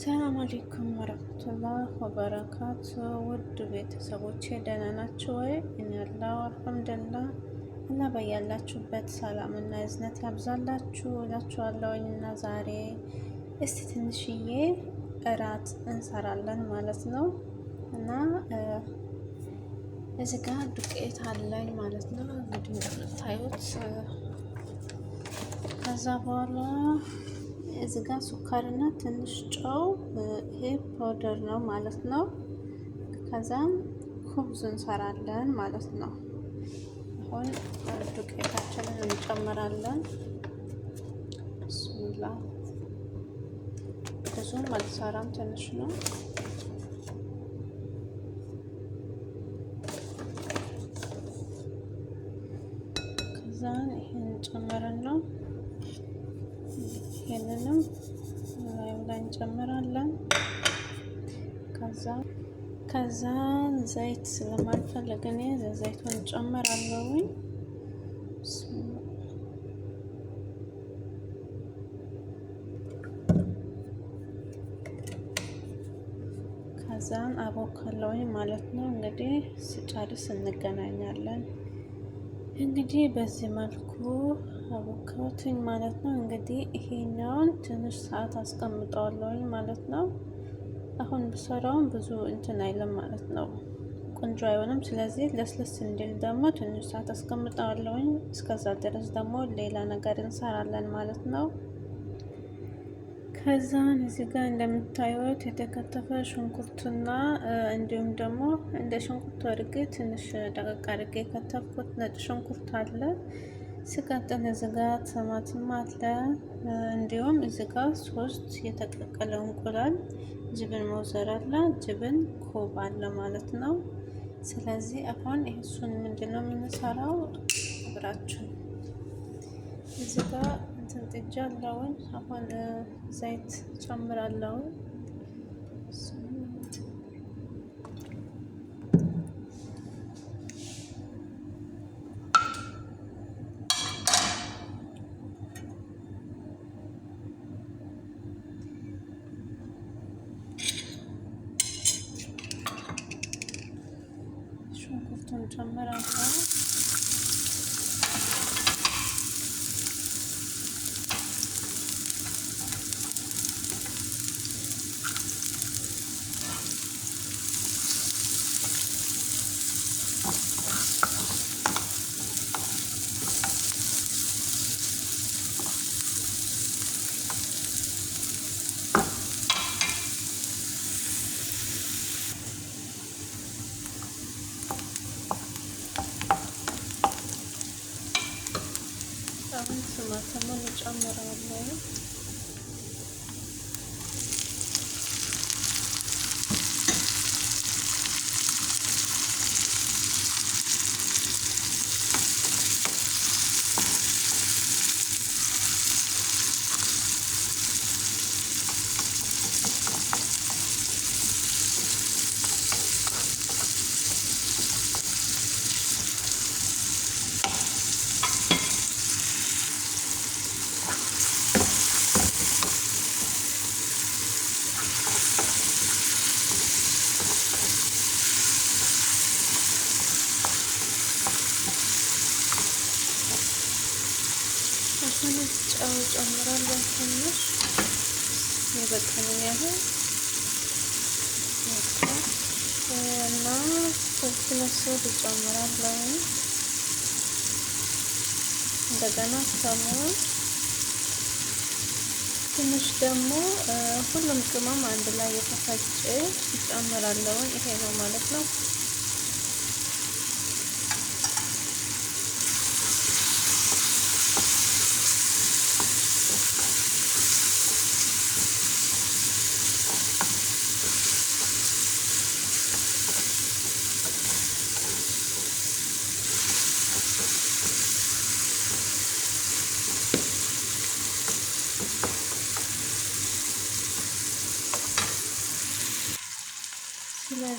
ሰላም አለይኩም ወረህመቱላህ ወበረካቱ ውድ ቤተሰቦቼ ደህና ናችሁ ወይ? እኔ አለሁ አልሐምዱሊላህ። እና በያላችሁበት ሰላም እና እዝነት ያብዛላችሁ እላችኋለሁኝ። እና ዛሬ እስቲ ትንሽዬ እራት እንሰራለን ማለት ነው እና እዚህ ጋር ዱቄት አለኝ ማለት ነው እንግዲህ እንደምታዩት ከዛ በኋላ እዚህ ጋር ሱካርና ትንሽ ጨው፣ ይሄ ፓውደር ነው ማለት ነው። ከዛም ኩብዝ እንሰራለን ማለት ነው። አሁን ዱቄታችንን እንጨምራለን። ብስሚላ ብዙም አልሰራም፣ ትንሽ ነው። ከዛን ይሄን ጨምረን ነው ይህንንም ላዩ ላይ እንጨምራለን። ከዛ ከዛ ዘይት ስለማልፈልግ እኔ ዘይቱን ጨምራለሁኝ። ከዛን አቦካለሁኝ ማለት ነው። እንግዲህ ስጨርስ እንገናኛለን። እንግዲህ በዚህ መልኩ አቦከሁትኝ ማለት ነው። እንግዲህ ይሄኛውን ትንሽ ሰዓት አስቀምጠዋለሁኝ ማለት ነው። አሁን ብሰራውን ብዙ እንትን አይልም ማለት ነው፣ ቆንጆ አይሆንም። ስለዚህ ለስለስ እንዲል ደግሞ ትንሽ ሰዓት አስቀምጠዋለሁኝ። እስከዛ ድረስ ደግሞ ሌላ ነገር እንሰራለን ማለት ነው። ከዛን እዚህ ጋር እንደምታዩት የተከተፈ ሽንኩርትና እንዲሁም ደግሞ እንደ ሽንኩርቱ አድርጌ ትንሽ ደቀቅ አድርጌ የከተፍኩት ነጭ ሽንኩርት አለ። ስቀጥል እዚህ ጋር አለ። እንዲሁም እዚህ ሶስት የተቀቀለ እንቁላል፣ ጅብን አለ ጅብን ኮብ አለ ማለት ነው። ስለዚህ አሁን እሱን ምንድን ነው የምንሰራው? አብራችሁ እዚህ ጋር እንትን ጥጃ አለውን። አሁን ዘይት ጨምራለውን ጨምራለሁ አሁን ስማተሙን እጨምራለሁ ትንሽ ጨው ጨምራለሁ። ትንሽ የበቃኝ ያህል እና ሁለት ጨምራለሁ። እንደገና ሰሙን ትንሽ ደግሞ ሁሉም ቅመም አንድ ላይ የተፈጨ ይጨምራለሁ። ይሄ ነው ማለት ነው።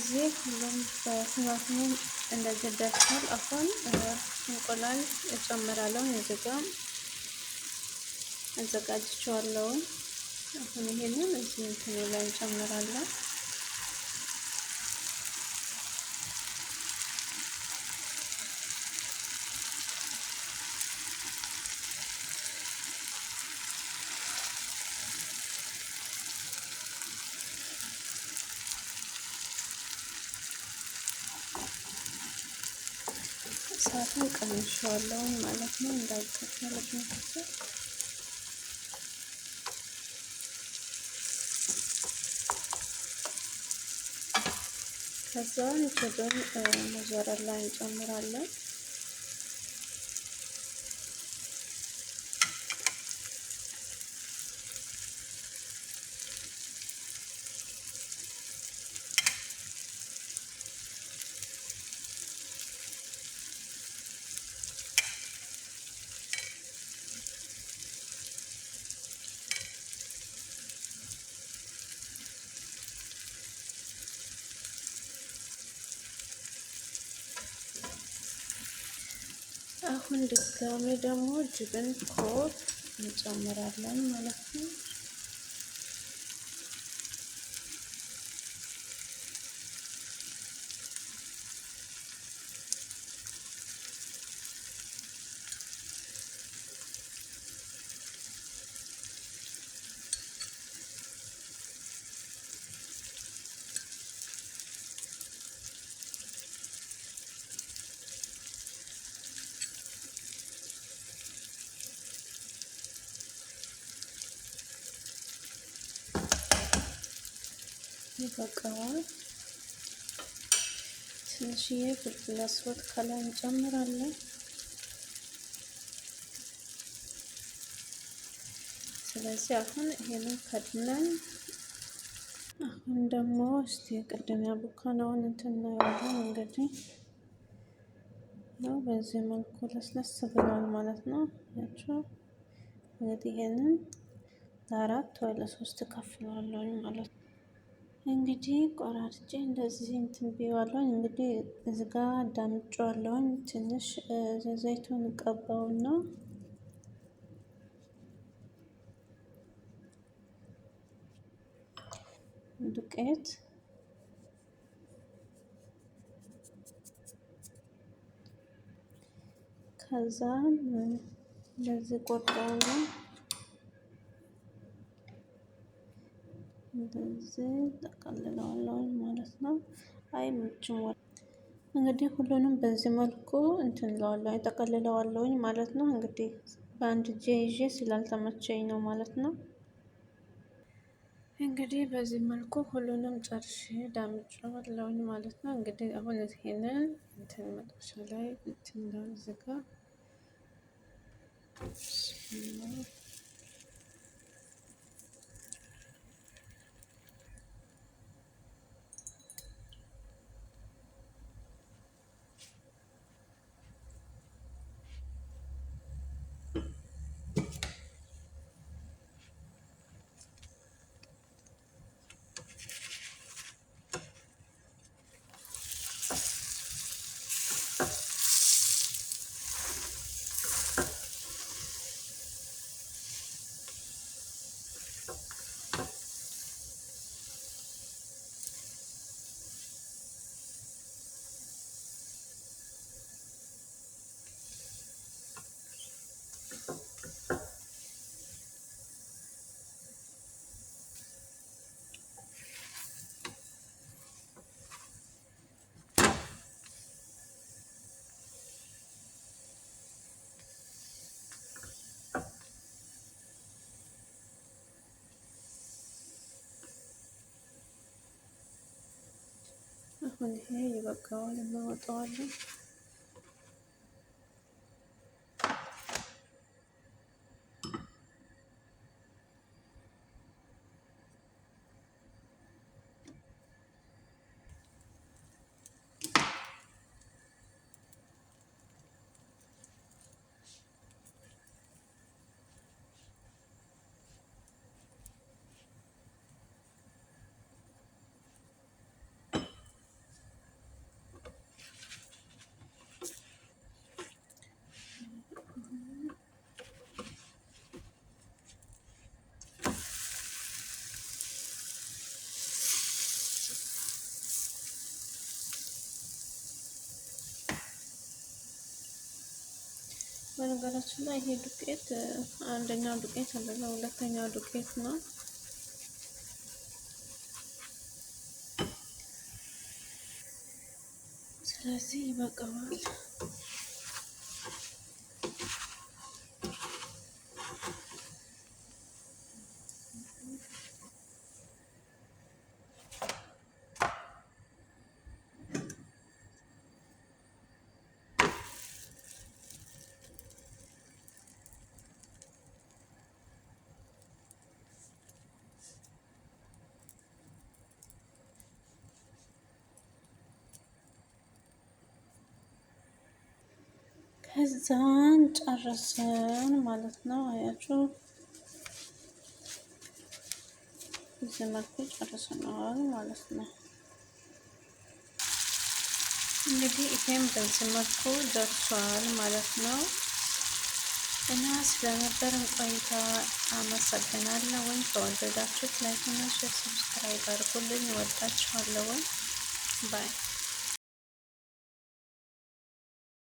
እዚህ ሁሉም በስማትኔ እንደዚህ ደርሷል። አሁን እንቁላል እጨምራለሁ። እዚጋ አዘጋጅቼዋለሁ። አሁን ይሄንን እዚህ እንትኑ ላይ እንጨምራለን። እሳቱን ቀንሼዋለሁ ማለት ነው እንዳይቀጠልብኝ ከዛን ችግን ላይ እንጨምራለን አሁን ድጋሚ ደግሞ ጅብን ኮት እንጨምራለን ማለት ነው። ይበቃዋል። ትንሽዬ ፍልፍል አስወጥ ከላይ እንጨምራለን። ስለዚህ አሁን ይሄንን ከድነን አሁን ደግሞ እስቲ ቅድም ያቦካነውን እንትን እናየዋለን። እንግዲህ ነው በዚህ መልኩ ለስለስ ብሏል ማለት ነው ናቸው። እንግዲህ ይሄንን ለአራት ወይ ለሶስት ከፍለዋለሁ ማለት ነው። እንግዲህ ቆራርጬ እንደዚህ እንትን ብዬዋለሁኝ። እንግዲህ እዚህ ጋ ዳምጬዋለሁኝ። ትንሽ ዘይቱን ቀባው ነው ዱቄት ከዛ እንደዚህ ቆርጠውና እንደዚህ ጠቀልለዋለሁ ማለት ነው። አይ ምችም እንግዲህ ሁሉንም በዚህ መልኩ እንትንለዋለሁ ጠቀልለዋለሁኝ ማለት ነው። እንግዲህ በአንድ እጄ ይዤ ስላልተመቸኝ ነው ማለት ነው። እንግዲህ በዚህ መልኩ ሁሉንም ጨርሼ ዳምጬዋለሁኝ ማለት ነው። እንግዲህ አሁን ይሄንን እንትን መጥበሻ ላይ እንትን ጋር አሁን ይሄ ይበቃዋል፣ እንወጣዋለን። በነገራችን ላይ ይሄ ዱቄት አንደኛው ዱቄት አለ፣ ሁለተኛው ዱቄት ነው። ስለዚህ ይበቃዋል። ከዛን ጨረስን ማለት ነው። አያችሁ በዚህ መልኩ ጨርሰናል ማለት ነው። እንግዲህ ይሄም በዚህ መልኩ ደርሷል ማለት ነው። እና ስለነበረን ቆይታ አመሰግናለሁኝ። ከወደዳችሁት ላይክ እና ሼር፣ ሰብስክራይብ አድርጉልኝ። እወዳችኋለሁኝ ባይ